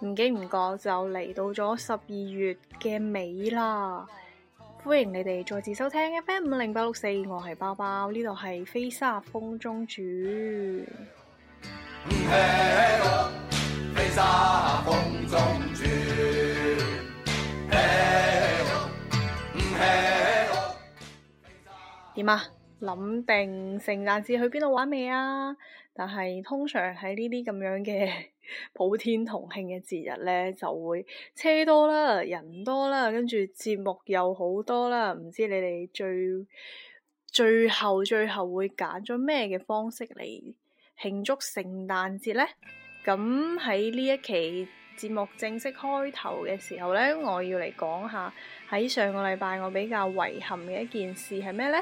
唔 經唔覺就嚟到咗十二月嘅尾啦，歡迎你哋再次收聽 FM 五零八六四，我係包包，呢度係飛沙風中主。唔嘿喲，飛沙風中主，嘿喲，諗定聖誕節去邊度玩未啊？但係通常喺呢啲咁樣嘅普天同慶嘅節日呢，就會車多啦，人多啦，跟住節目又好多啦。唔知你哋最最後最後會揀咗咩嘅方式嚟慶祝聖誕節呢？咁喺呢一期節目正式開頭嘅時候呢，我要嚟講下喺上個禮拜我比較遺憾嘅一件事係咩呢？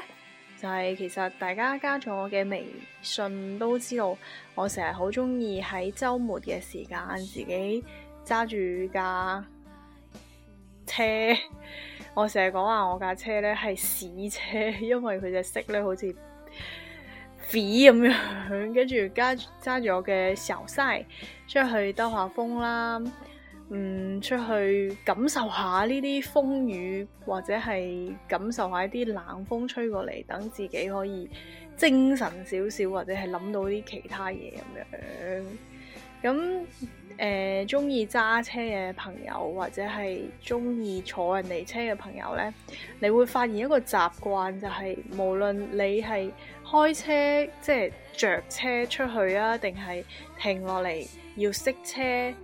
但係其實大家加咗我嘅微信都知道，我成日好中意喺周末嘅時間自己揸住架車，我成日講話我架車咧係屎車，因為佢隻色咧好似啡咁樣，跟住揸揸住我嘅潲晒出去兜下風啦。嗯，出去感受下呢啲風雨，或者係感受下一啲冷風吹過嚟，等自己可以精神少少，或者係諗到啲其他嘢咁樣。咁誒，中意揸車嘅朋友，或者係中意坐人哋車嘅朋友呢，你會發現一個習慣，就係，就係無論你係開車即係着車出去啊，定係停落嚟要熄車。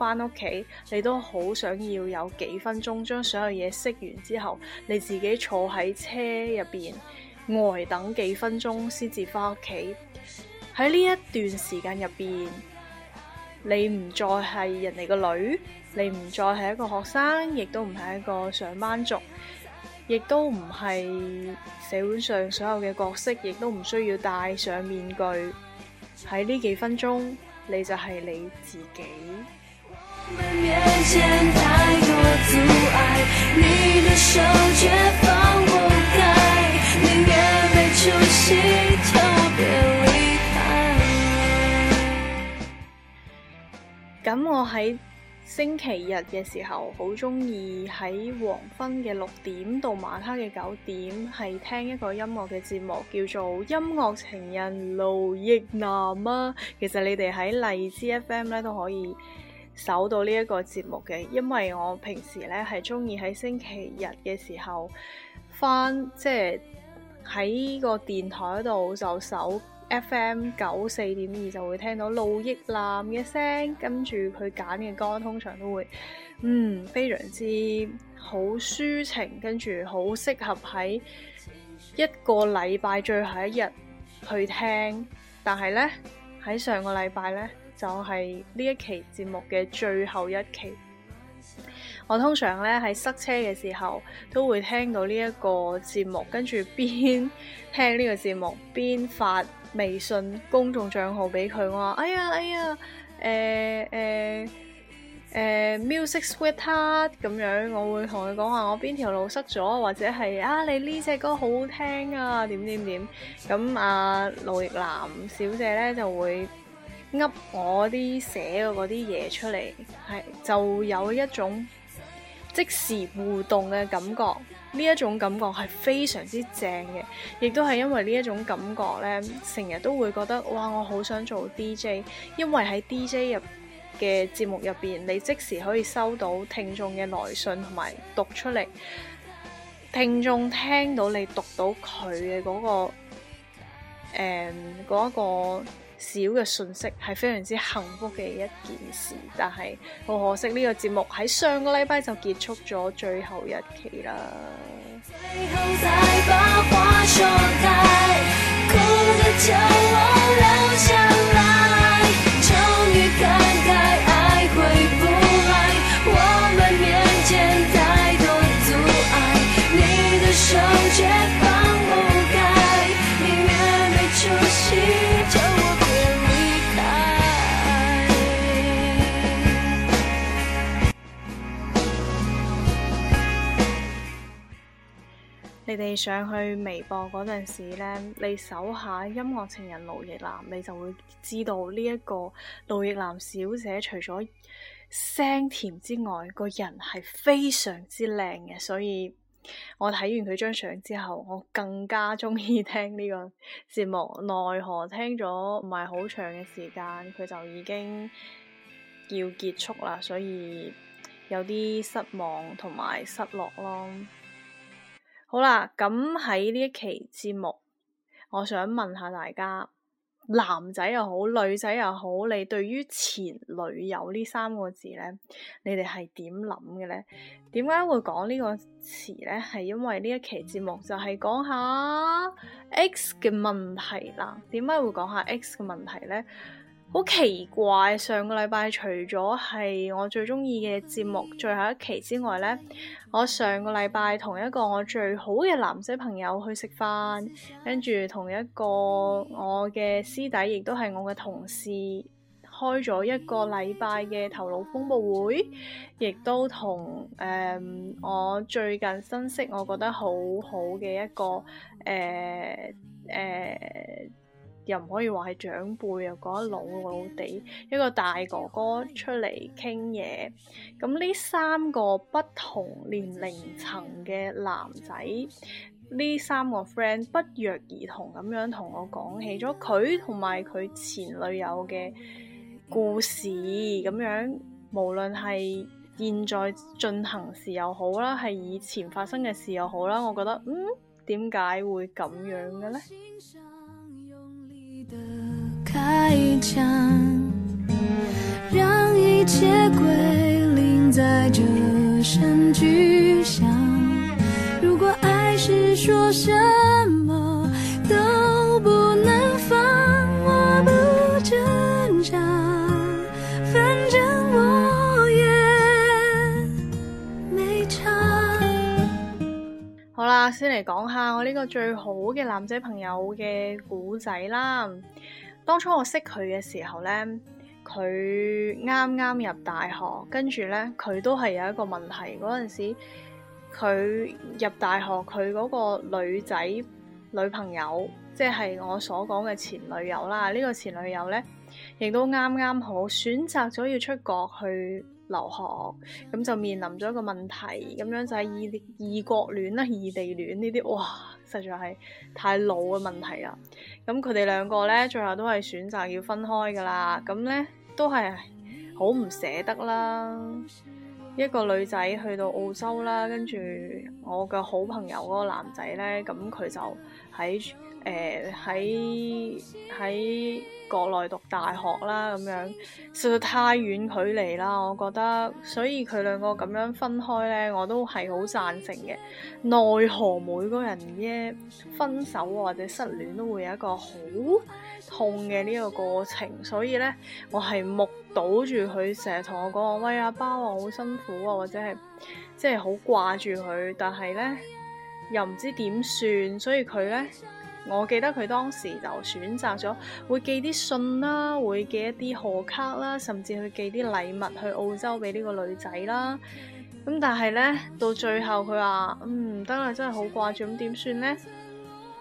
翻屋企，你都好想要有幾分鐘將所有嘢熄完之後，你自己坐喺車入邊，呆等幾分鐘先至翻屋企。喺呢一段時間入邊，你唔再係人哋個女，你唔再係一個學生，亦都唔係一個上班族，亦都唔係社會上所有嘅角色，亦都唔需要戴上面具。喺呢幾分鐘，你就係你自己。咁我喺星期日嘅時候，好中意喺黃昏嘅六點到晚黑嘅九點，係聽一個音樂嘅節目，叫做《音樂情人盧奕娜》啊。其實你哋喺荔枝 FM 咧都可以。收到呢一個節目嘅，因為我平時咧係中意喺星期日嘅時候翻，即係喺個電台度就收 F.M. 九四點二就會聽到路易男嘅聲，跟住佢揀嘅歌通常都會，嗯，非常之好抒情，跟住好適合喺一個禮拜最後一日去聽。但係呢，喺上個禮拜呢。就係呢一期節目嘅最後一期。我通常咧喺塞車嘅時候，都會聽到呢一個節目，跟住邊聽呢個節目邊發微信公眾賬號俾佢。我話：哎呀，哎呀，誒誒誒，music sweetheart 咁樣，我會同佢講話，我邊條路塞咗，或者係啊，你呢隻歌好好聽啊，點點點。咁阿盧亦男小姐咧就會。噏我啲寫嘅嗰啲嘢出嚟，係就有一種即時互動嘅感覺。呢一種感覺係非常之正嘅，亦都係因為呢一種感覺呢，成日都會覺得哇，我好想做 DJ。因為喺 DJ 入嘅節目入邊，你即時可以收到聽眾嘅來信同埋讀出嚟，聽眾聽到你讀到佢嘅嗰個誒嗰個。嗯那個少嘅訊息係非常之幸福嘅一件事，但係好可惜呢個節目喺上個禮拜就結束咗最後一期啦。你哋上去微博嗰陣時咧，你搜下《音樂情人盧亦男》，你就會知道呢一個盧亦男小姐除咗聲甜之外，個人係非常之靚嘅。所以我睇完佢張相之後，我更加中意聽呢個節目。奈何聽咗唔係好長嘅時間，佢就已經要結束啦，所以有啲失望同埋失落咯。好啦，咁喺呢一期節目，我想問下大家，男仔又好，女仔又好，你對於前女友呢三個字呢，你哋係點諗嘅呢？點解會講呢個詞呢？係因為呢一期節目就係講下 X 嘅問題啦。點解會講下 X 嘅問題呢？好奇怪，上個禮拜除咗係我最中意嘅節目最後一期之外呢，我上個禮拜同一個我最好嘅男仔朋友去食飯，跟住同一個我嘅師弟，亦都係我嘅同事，開咗一個禮拜嘅頭腦風暴會，亦都同誒、嗯、我最近新識，我覺得好好嘅一個誒誒，呃呃又唔可以話係長輩，又覺得老老哋一個大哥哥出嚟傾嘢。咁呢三個不同年齡層嘅男仔，呢三個 friend 不約而同咁樣同我講起咗佢同埋佢前女友嘅故事。咁樣無論係現在進行時又好啦，係以前發生嘅事又好啦，我覺得嗯，點解會咁樣嘅呢？開槍讓一切歸零，在這聲巨響，如果愛是說什麼都不能放，我不掙扎，反正我也沒差。好啦，先嚟講下我呢個最好嘅男仔朋友嘅故仔啦當初我識佢嘅時候咧，佢啱啱入大學，跟住咧佢都係有一個問題。嗰陣時佢入大學，佢嗰個女仔女朋友，即係我所講嘅前女友啦。呢個前女友咧，亦都啱啱好選擇咗要出國去留學，咁就面臨咗一個問題，咁樣就係異異國戀啦、異地戀呢啲，哇！實在係太老嘅問題啦。咁佢哋兩個呢，最後都係選擇要分開噶啦。咁呢，都係好唔捨得啦。一個女仔去到澳洲啦，跟住我嘅好朋友嗰個男仔呢，咁佢就喺誒喺喺國內讀大學啦，咁樣實在太遠距離啦，我覺得，所以佢兩個咁樣分開咧，我都係好贊成嘅。奈何每個人嘅分手或者失戀都會有一個好痛嘅呢個過程，所以咧，我係目睹住佢成日同我講話，喂，阿包啊，好辛苦啊，或者係即係好掛住佢，但係咧又唔知點算，所以佢咧。我記得佢當時就選擇咗會寄啲信啦，會寄一啲賀卡啦，甚至去寄啲禮物去澳洲俾呢個女仔啦。咁但係咧，到最後佢話：嗯，唔得啦，真係好掛住，咁點算咧？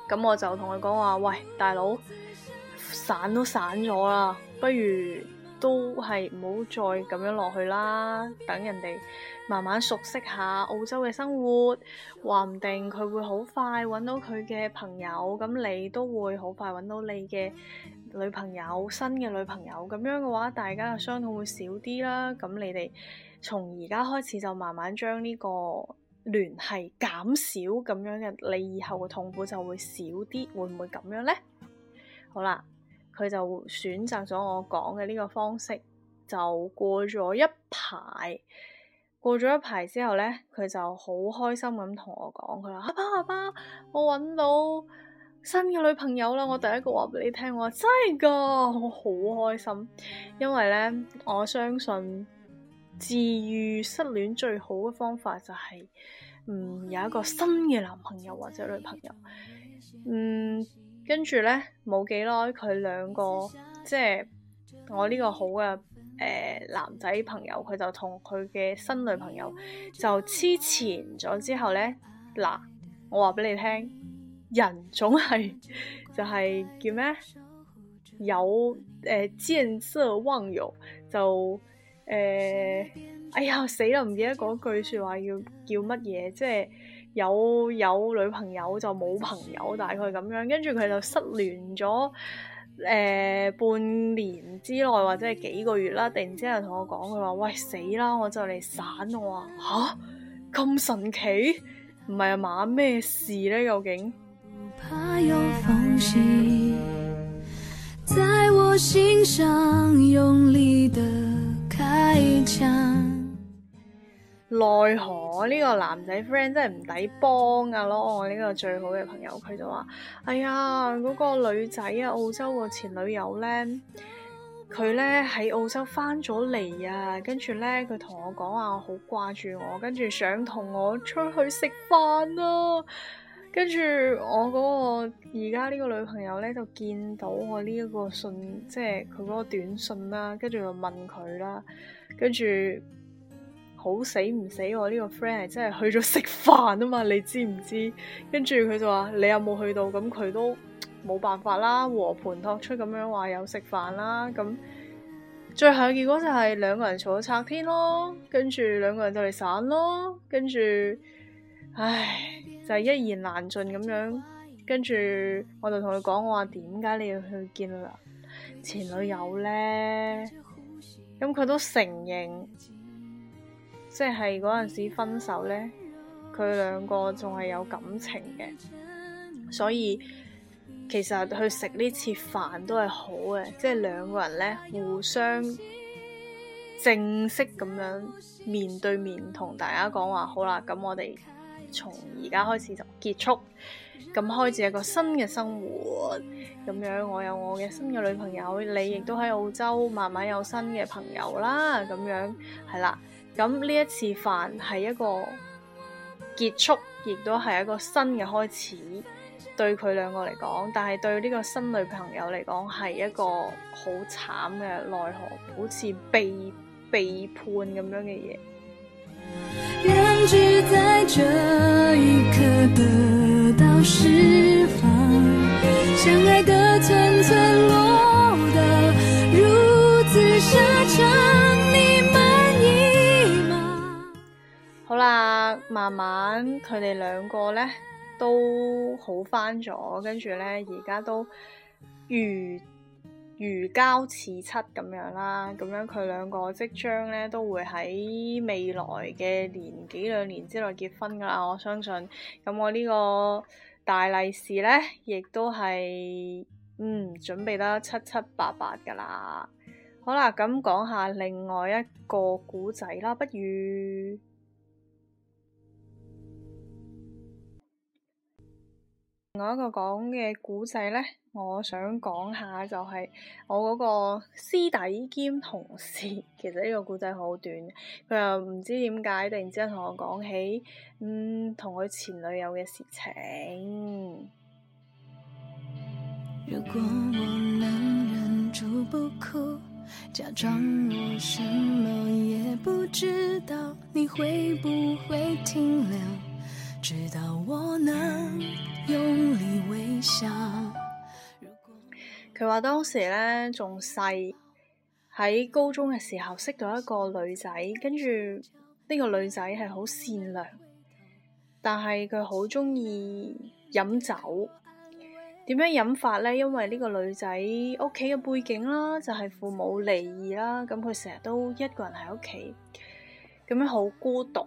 咁我就同佢講話：喂，大佬，散都散咗啦，不如都係唔好再咁樣落去啦，等人哋。慢慢熟悉下澳洲嘅生活，話唔定佢會好快揾到佢嘅朋友，咁你都會好快揾到你嘅女朋友，新嘅女朋友，咁樣嘅話大家嘅傷痛會少啲啦。咁你哋從而家開始就慢慢將呢個聯繫減少，咁樣嘅你以後嘅痛苦就會少啲，會唔會咁樣咧？好啦，佢就選擇咗我講嘅呢個方式，就過咗一排。過咗一排之後咧，佢就好開心咁同我講，佢話阿爸阿爸，爸，爸，我揾到新嘅女朋友啦！我第一個話畀你聽，我話真係噶？我好開心，因為咧我相信治愈失戀最好嘅方法就係嗯，有一個新嘅男朋友或者女朋友。嗯，跟住咧冇幾耐，佢兩個即係我呢個好嘅。誒、呃、男仔朋友佢就同佢嘅新女朋友就黐纏咗之後咧，嗱我話俾你聽，人總係就係、是、叫咩？有誒、呃、見色忘友就誒、呃，哎呀死啦！唔記得嗰句説話要叫乜嘢？即、就、係、是、有有女朋友就冇朋友，大概咁樣。跟住佢就失聯咗。誒、呃、半年之內或者係幾個月啦，突然之間同我講佢話：喂死啦，我就嚟散，我話嚇，咁神奇，唔係啊嘛，咩事咧究竟？怕有奈何呢個男仔 friend 真係唔抵幫㗎囉。我呢個最好嘅朋友，佢就話：哎呀，嗰、那個女仔啊，澳洲個前女友呢，佢呢喺澳洲翻咗嚟啊！跟住呢，佢同我講話，好掛住我，跟住想同我出去食飯啊！跟住我嗰、那個而家呢個女朋友呢，就見到我呢一個信，即係佢嗰個短信啦，跟住就問佢啦，跟住。好死唔死我，我、這、呢個 friend 係真係去咗食飯啊嘛，你知唔知？跟住佢就話，你有冇去到，咁佢都冇辦法啦，和盤托出咁樣話有食飯啦，咁最後結果就係兩個人嘈咗拆天咯，跟住兩個人就嚟散咯，跟住唉就係、是、一言難盡咁樣，跟住我就同佢講，我話，點解你要去見啦前女友呢？」咁佢都承認。即係嗰陣時分手呢，佢兩個仲係有感情嘅，所以其實去食呢次飯都係好嘅。即係兩個人呢，互相正式咁樣面對面同大家講話，好啦，咁我哋從而家開始就結束，咁開始一個新嘅生活。咁樣我有我嘅新嘅女朋友，你亦都喺澳洲慢慢有新嘅朋友啦。咁樣係啦。咁呢一次飯係一個結束，亦都係一個新嘅開始，對佢兩個嚟講，但係對呢個新女朋友嚟講，係一個好慘嘅奈何，好似被背叛咁樣嘅嘢。好啦，慢慢佢哋兩個咧都好翻咗，跟住咧而家都如如膠似漆咁樣啦。咁樣佢兩個即將咧都會喺未來嘅年幾兩年之內結婚噶啦。我相信咁，我呢個大利是咧亦都係嗯準備得七七八八噶啦。好啦，咁講下另外一個古仔啦，不如～另一個講嘅古仔呢，我想講下就係我嗰個師弟兼同事，其實呢個古仔好短，佢又唔知點解，突然之間同我講起，嗯，同佢前女友嘅事情。如果我我我。能忍住不不不哭，假裝我什麼也不知道，你會不會停留？直到我佢話當時咧仲細，喺高中嘅時候識到一個女仔，跟住呢個女仔係好善良，但係佢好中意飲酒。點樣飲法呢？因為呢個女仔屋企嘅背景啦，就係父母離異啦，咁佢成日都一個人喺屋企，咁樣好孤獨，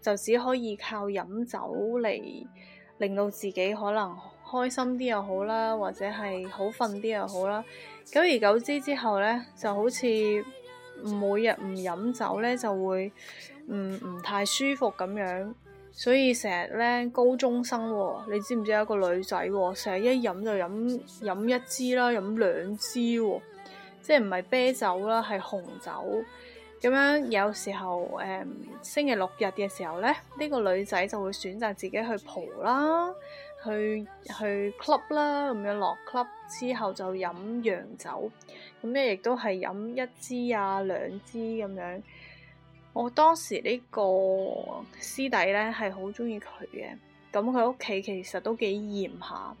就只可以靠飲酒嚟，令到自己可能。開心啲又好啦，或者係好瞓啲又好啦。久而久之之後呢，就好似每日唔飲酒呢就會唔唔太舒服咁樣。所以成日呢，高中生、哦，你知唔知有個女仔喎、哦，成日一飲就飲飲一支啦，飲兩支喎、哦，即係唔係啤酒啦，係紅酒咁樣。有時候誒、嗯，星期六日嘅時候呢，呢、呢個女仔就會選擇自己去蒲啦。去去 club 啦，咁樣落 club 之後就飲洋酒，咁咧亦都係飲一支啊兩支咁樣。我當時呢個師弟咧係好中意佢嘅，咁佢屋企其實都幾嚴下，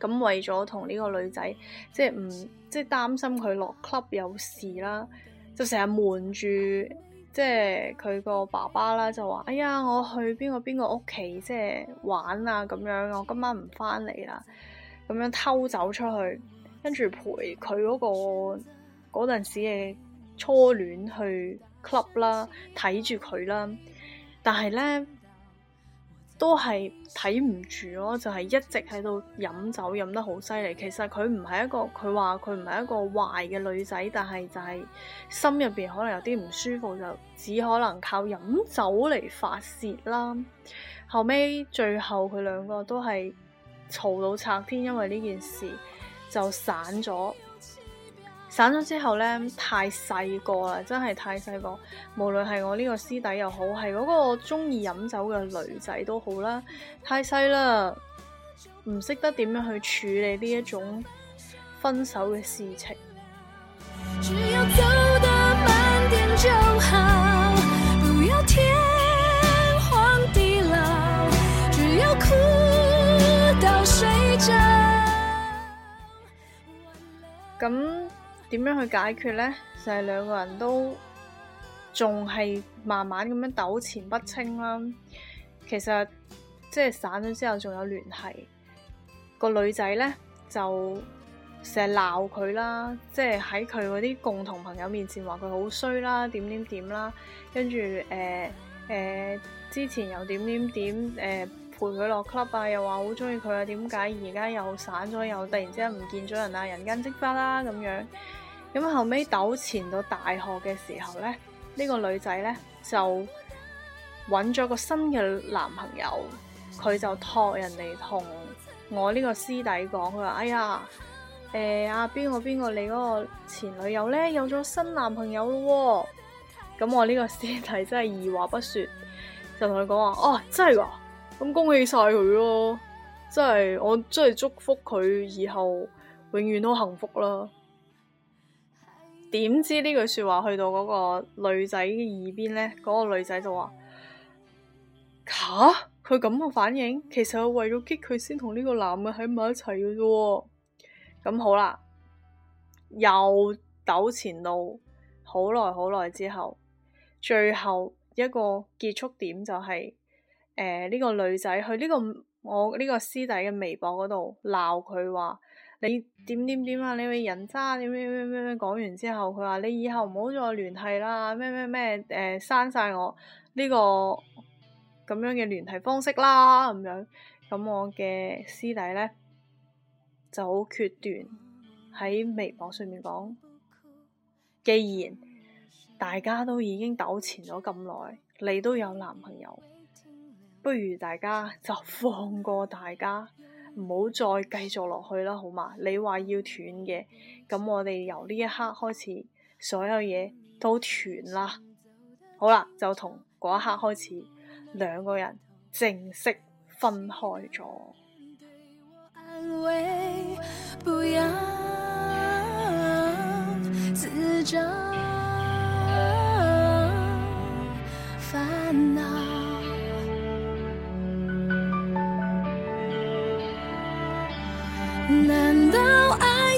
咁為咗同呢個女仔即係唔即係擔心佢落 club 有事啦，就成日瞞住。即係佢個爸爸啦，就話：哎呀，我去邊個邊個屋企即係玩啊咁樣，我今晚唔翻嚟啦。咁樣偷走出去，跟住陪佢嗰個嗰陣時嘅初戀去 club 啦，睇住佢啦。但係咧。都係睇唔住咯，就係一直喺度飲酒飲得好犀利。其實佢唔係一個，佢話佢唔係一個壞嘅女仔，但係就係心入邊可能有啲唔舒服，就只可能靠飲酒嚟發泄啦。後尾最後佢兩個都係嘈到拆天，因為呢件事就散咗。散咗之後呢，太細個啦，真係太細個。無論係我呢個師弟又好，係嗰個中意飲酒嘅女仔都好啦，太細啦，唔識得點樣去處理呢一種分手嘅事情。咁點樣去解決呢？就係兩個人都仲係慢慢咁樣糾纏不清啦。其實即係散咗之後仲有聯繫。個女仔呢就成日鬧佢啦，即係喺佢嗰啲共同朋友面前話佢好衰啦，點點點啦。跟住誒誒，之前又點點點誒，陪佢落 club 啊，又話好中意佢啊，點解而家又散咗又突然之間唔見咗人啊，人間即化啦咁樣。咁後尾糾纏到大學嘅時候咧，呢、這個女仔咧就揾咗個新嘅男朋友，佢就託人哋同我呢個師弟講，佢話：哎呀，誒阿邊個邊個你嗰個前女友咧有咗新男朋友咯，哦，咁我呢個師弟真係二話不說就同佢講話：哦，啊，真係噶，咁恭喜晒佢咯，真係我真係祝福佢以後永遠都幸福咯。點知呢句說話去到嗰個女仔嘅耳邊呢？嗰、那個女仔就話：吓、啊，佢咁嘅反應，其實我為咗激佢先同呢個男嘅喺埋一齊嘅啫。咁好啦，又糾纏到好耐好耐之後，最後一個結束點就係、是，誒、呃、呢、這個女仔去呢、這個我呢個師弟嘅微博嗰度鬧佢話。你點點點啊！你係人渣，啊，點點點點點，講完之後，佢話你以後唔好再聯繫啦，咩咩咩誒，刪晒我呢個咁樣嘅聯繫方式啦，咁樣，咁我嘅師弟咧就好決斷喺微博上面講，既然大家都已經糾纏咗咁耐，你都有男朋友，不如大家就放過大家，唔好再繼續落去啦，好嘛？你話要斷嘅，咁我哋由呢一刻開始，所有嘢都斷啦。好啦，就同嗰一刻開始，兩個人正式分開咗。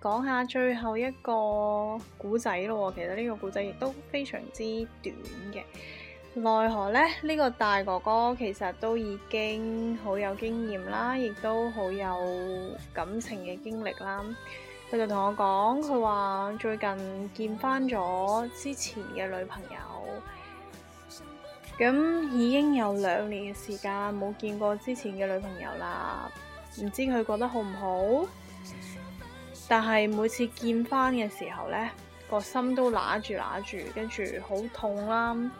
講下最後一個古仔咯，其實呢個古仔亦都非常之短嘅。奈何呢，呢個大哥哥其實都已經好有經驗啦，亦都好有感情嘅經歷啦。佢就同我講，佢話最近見翻咗之前嘅女朋友，咁已經有兩年嘅時間冇見過之前嘅女朋友啦，唔知佢覺得好唔好？但係每次見翻嘅時候咧，個心都揦住揦住，跟住好痛啦、啊，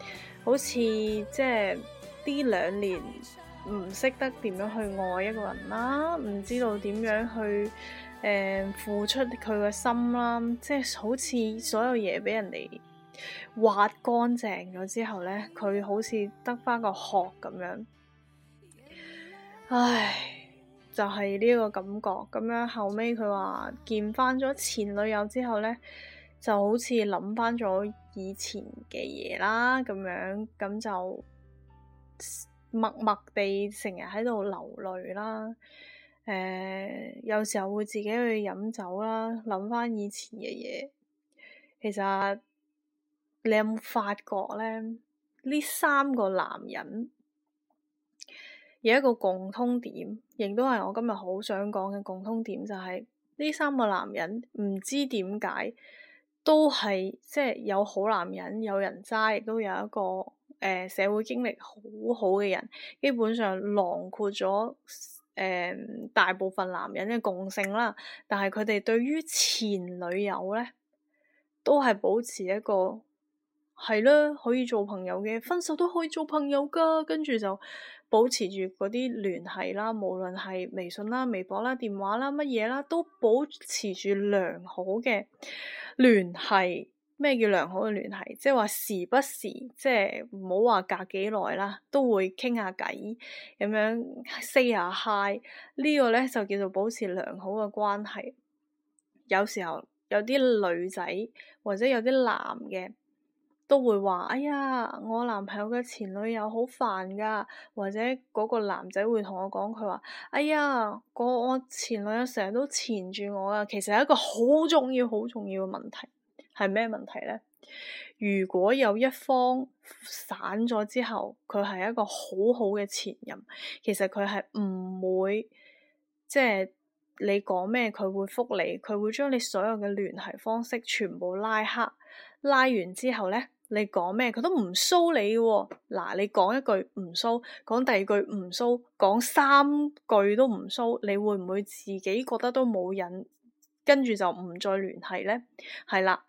好似即係呢兩年唔識得點樣去愛一個人啦、啊，唔知道點樣去誒、呃、付出佢嘅心啦、啊，即係好似所有嘢俾人哋挖乾淨咗之後咧，佢好似得翻個殼咁樣，唉。就係呢個感覺，咁樣後尾佢話見翻咗前女友之後咧，就好似諗翻咗以前嘅嘢啦，咁樣咁就默默地成日喺度流淚啦。誒、呃，有時候會自己去飲酒啦，諗翻以前嘅嘢。其實你有冇發覺咧？呢三個男人。有一個共通點，亦都係我今日好想講嘅共通點，就係、是、呢三個男人唔知點解都係即係有好男人，有人渣，亦都有一個誒、呃、社會經歷好好嘅人，基本上囊括咗誒、呃、大部分男人嘅共性啦。但係佢哋對於前女友咧，都係保持一個係咯，可以做朋友嘅，分手都可以做朋友噶，跟住就。保持住嗰啲聯繫啦，無論係微信啦、微博啦、電話啦乜嘢啦，都保持住良好嘅聯繫。咩叫良好嘅聯繫？即係話時不時，即係唔好話隔幾耐啦，都會傾下偈咁樣 say 下 hi。呢個咧就叫做保持良好嘅關係。有時候有啲女仔或者有啲男嘅，都會話，哎呀，我男朋友嘅前女友好煩噶，或者嗰個男仔會同我講佢話，哎呀，我、嗰個、前女友成日都纏住我啊，其實係一個好重要、好重要嘅問題，係咩問題呢？如果有一方散咗之後，佢係一個好好嘅前任，其實佢係唔會即係、即係、你講咩佢會覆你，佢會將你所有嘅聯繫方式全部拉黑，拉完之後呢。你講咩佢都唔騷你嘅。哦，嗱，你講一句唔騷，講第二句唔騷，講三句都唔騷，你會唔會自己覺得都冇癮，跟住就唔再聯繫咧？係啦，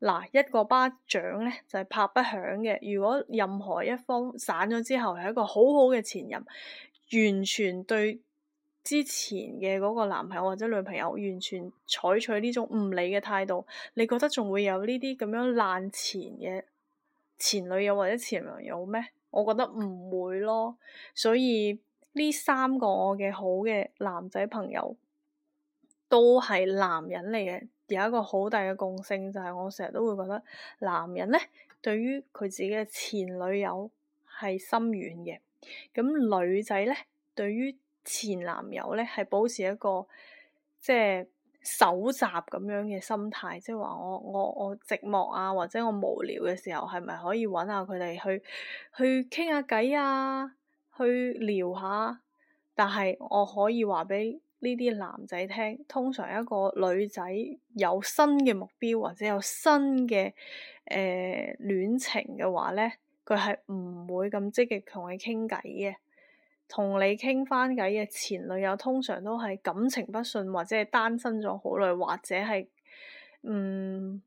嗱，一個巴掌咧就係、是、拍不響嘅。如果任何一方散咗之後係一個好好嘅前任，完全對之前嘅嗰個男朋友或者女朋友完全採取呢種唔理嘅態度，你覺得仲會有呢啲咁樣爛前嘅前女友或者前男友咩？我覺得唔會咯，所以呢三個我嘅好嘅男仔朋友都係男人嚟嘅，有一個好大嘅共性就係、是、我成日都會覺得男人咧對於佢自己嘅前女友係心軟嘅，咁女仔咧對於前男友咧係保持一個即係。搜集咁樣嘅心態，即係話我我我寂寞啊，或者我無聊嘅時候，係咪可以揾下佢哋去去傾下偈啊，去聊下？但係我可以話俾呢啲男仔聽，通常一個女仔有新嘅目標或者有新嘅誒、呃、戀情嘅話咧，佢係唔會咁積極同你傾偈嘅。同你傾翻偈嘅前女友，通常都係感情不順，或者係單身咗好耐，或者係嗯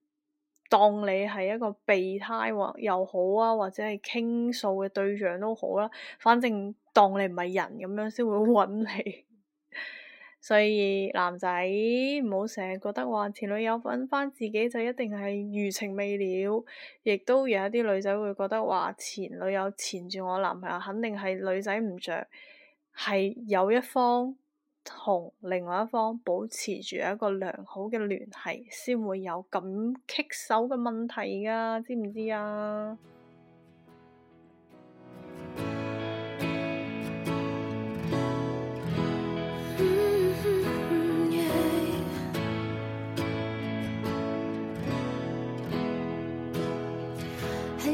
當你係一個備胎又好啊，或者係傾訴嘅對象都好啦，反正當你唔係人咁樣，先會揾你。所以男仔唔好成日覺得話前女友揾返自己就一定係餘情未了，亦都有一啲女仔會覺得話前女友纏住我男朋友，肯定係女仔唔着，係有一方同另外一方保持住一個良好嘅聯繫，先會有咁棘手嘅問題㗎，知唔知啊？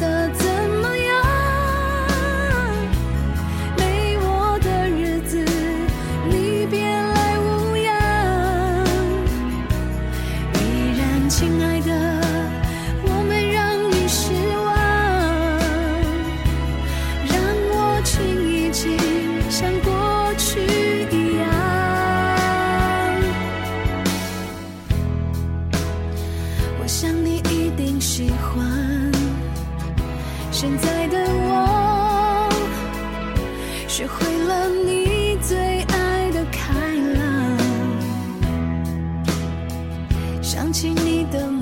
的，想起你的。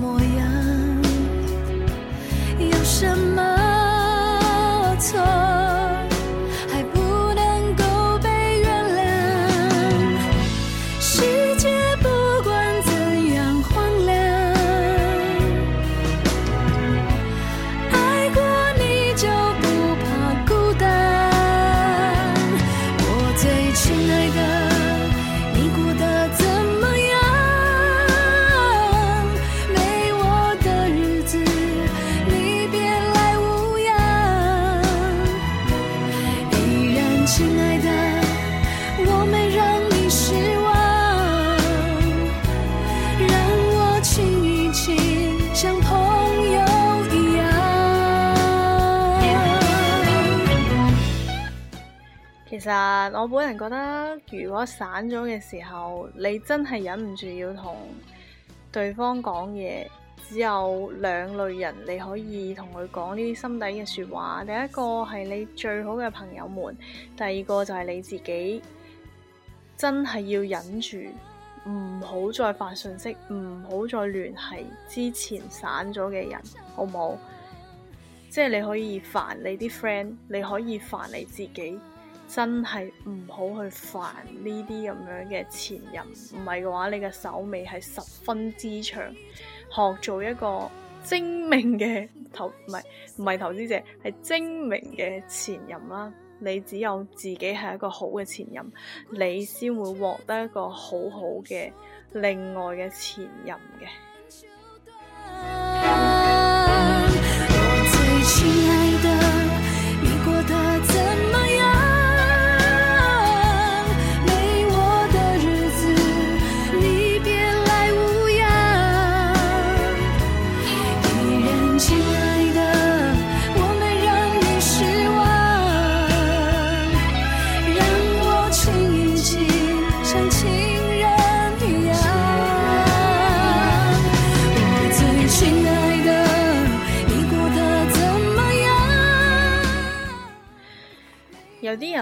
如果散咗嘅時候，你真係忍唔住要同對方講嘢，只有兩類人你可以同佢講呢啲心底嘅說話。第一個係你最好嘅朋友們，第二個就係你自己。真係要忍住，唔好再發信息，唔好再聯繫之前散咗嘅人，好唔好？即係你可以煩你啲 friend，你可以煩你自己。真係唔好去煩呢啲咁樣嘅前任，唔係嘅話，你嘅手尾係十分之長。學做一個精明嘅投，唔係，唔係投資者，係精明嘅前任啦。你只有自己係一個好嘅前任，你先會獲得一個好好嘅另外嘅前任嘅。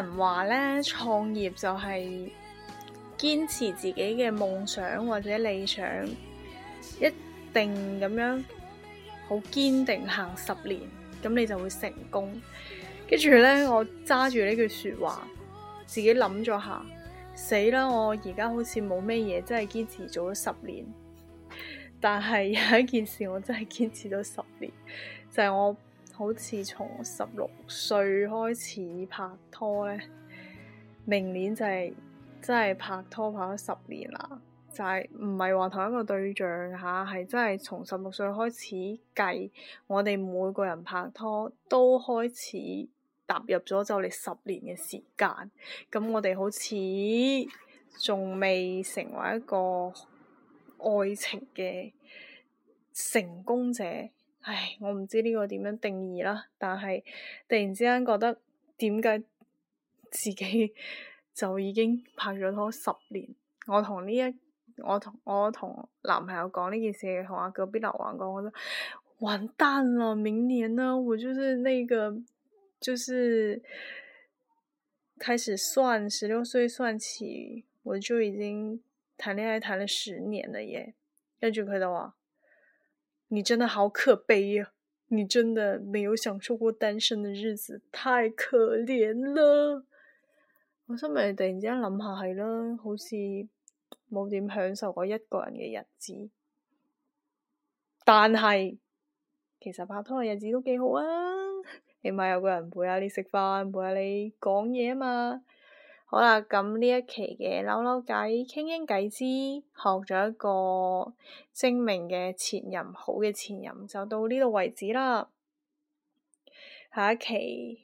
人話咧，創業就係堅持自己嘅夢想或者理想，一定咁樣好堅定行十年，咁你就會成功。跟住咧，我揸住呢句說話，自己諗咗下，死啦！我而家好似冇咩嘢真係堅持做咗十年，但係有一件事我真係堅持咗十年，就係我。好似從十六歲開始拍拖咧，明年就係真係拍拖拍咗十年啦。就係唔係話同一個對象吓，係真係從十六歲開始計，我哋每個人拍拖都開始踏入咗就嚟十年嘅時間，咁我哋好似仲未成為一個愛情嘅成功者。唉，我唔知呢個點樣定義啦，但係突然之間覺得點解自己就已經拍咗拖十年？我同呢一我同我同男朋友講呢件事，同阿隔壁老王講，我都完蛋啦！明年呢，我就是那個就是開始算十六歲算起，我就已經談戀愛談了十年了耶，跟住佢就話。你真的好可悲呀，啊！你真的沒有享受過單身的日子，太可憐了。我想起突然之間諗下係啦，好似冇點享受過一個人嘅日子。但係其實拍拖嘅日子都幾好啊，起碼有個人陪下你食飯，陪下你講嘢啊嘛。好啦，咁呢一期嘅扭扭計傾傾偈之學咗一個精明嘅前任，好嘅前任就到呢度為止啦。下一期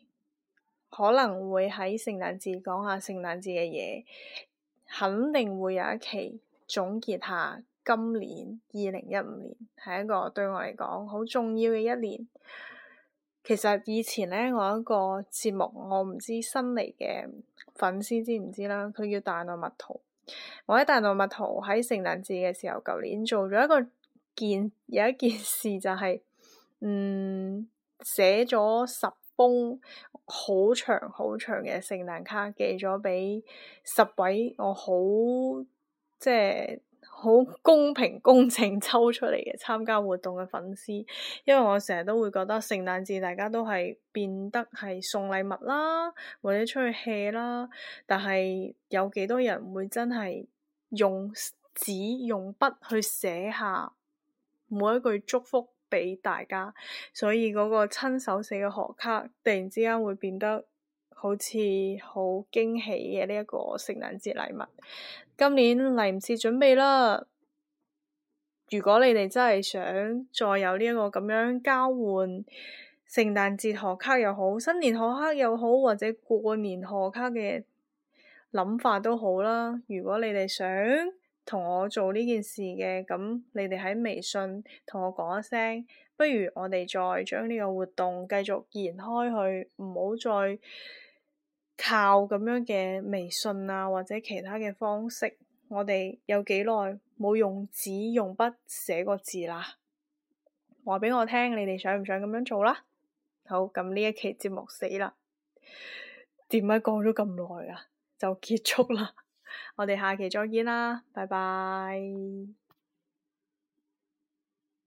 可能會喺聖誕節講下聖誕節嘅嘢，肯定會有一期總結下今年二零一五年係一個對我嚟講好重要嘅一年。其實以前咧，我一個節目，我唔知新嚟嘅粉絲知唔知啦，佢叫大內蜜桃。我喺大內蜜桃喺聖誕節嘅時候，舊年做咗一個件有一件事就係、是，嗯，寫咗十封好長好長嘅聖誕卡，寄咗畀十位我好即係。好公平公正抽出嚟嘅參加活動嘅粉絲，因為我成日都會覺得聖誕節大家都係變得係送禮物啦，或者出去 hea 啦，但係有幾多人會真係用紙用筆去寫下每一句祝福畀大家？所以嗰個親手寫嘅賀卡突然之間會變得～好似好驚喜嘅呢一個聖誕節禮物。今年嚟唔切準備啦。如果你哋真係想再有呢、這、一個咁樣交換聖誕節賀卡又好，新年賀卡又好，或者過年賀卡嘅諗法都好啦。如果你哋想同我做呢件事嘅，咁你哋喺微信同我講一聲。不如我哋再將呢個活動繼續延開去，唔好再～靠咁樣嘅微信啊，或者其他嘅方式，我哋有幾耐冇用紙用筆寫過字啦？話畀我聽，你哋想唔想咁樣做啦？好，咁呢一期節目死啦，點解講咗咁耐啊？就結束啦， 我哋下期再見啦，拜拜。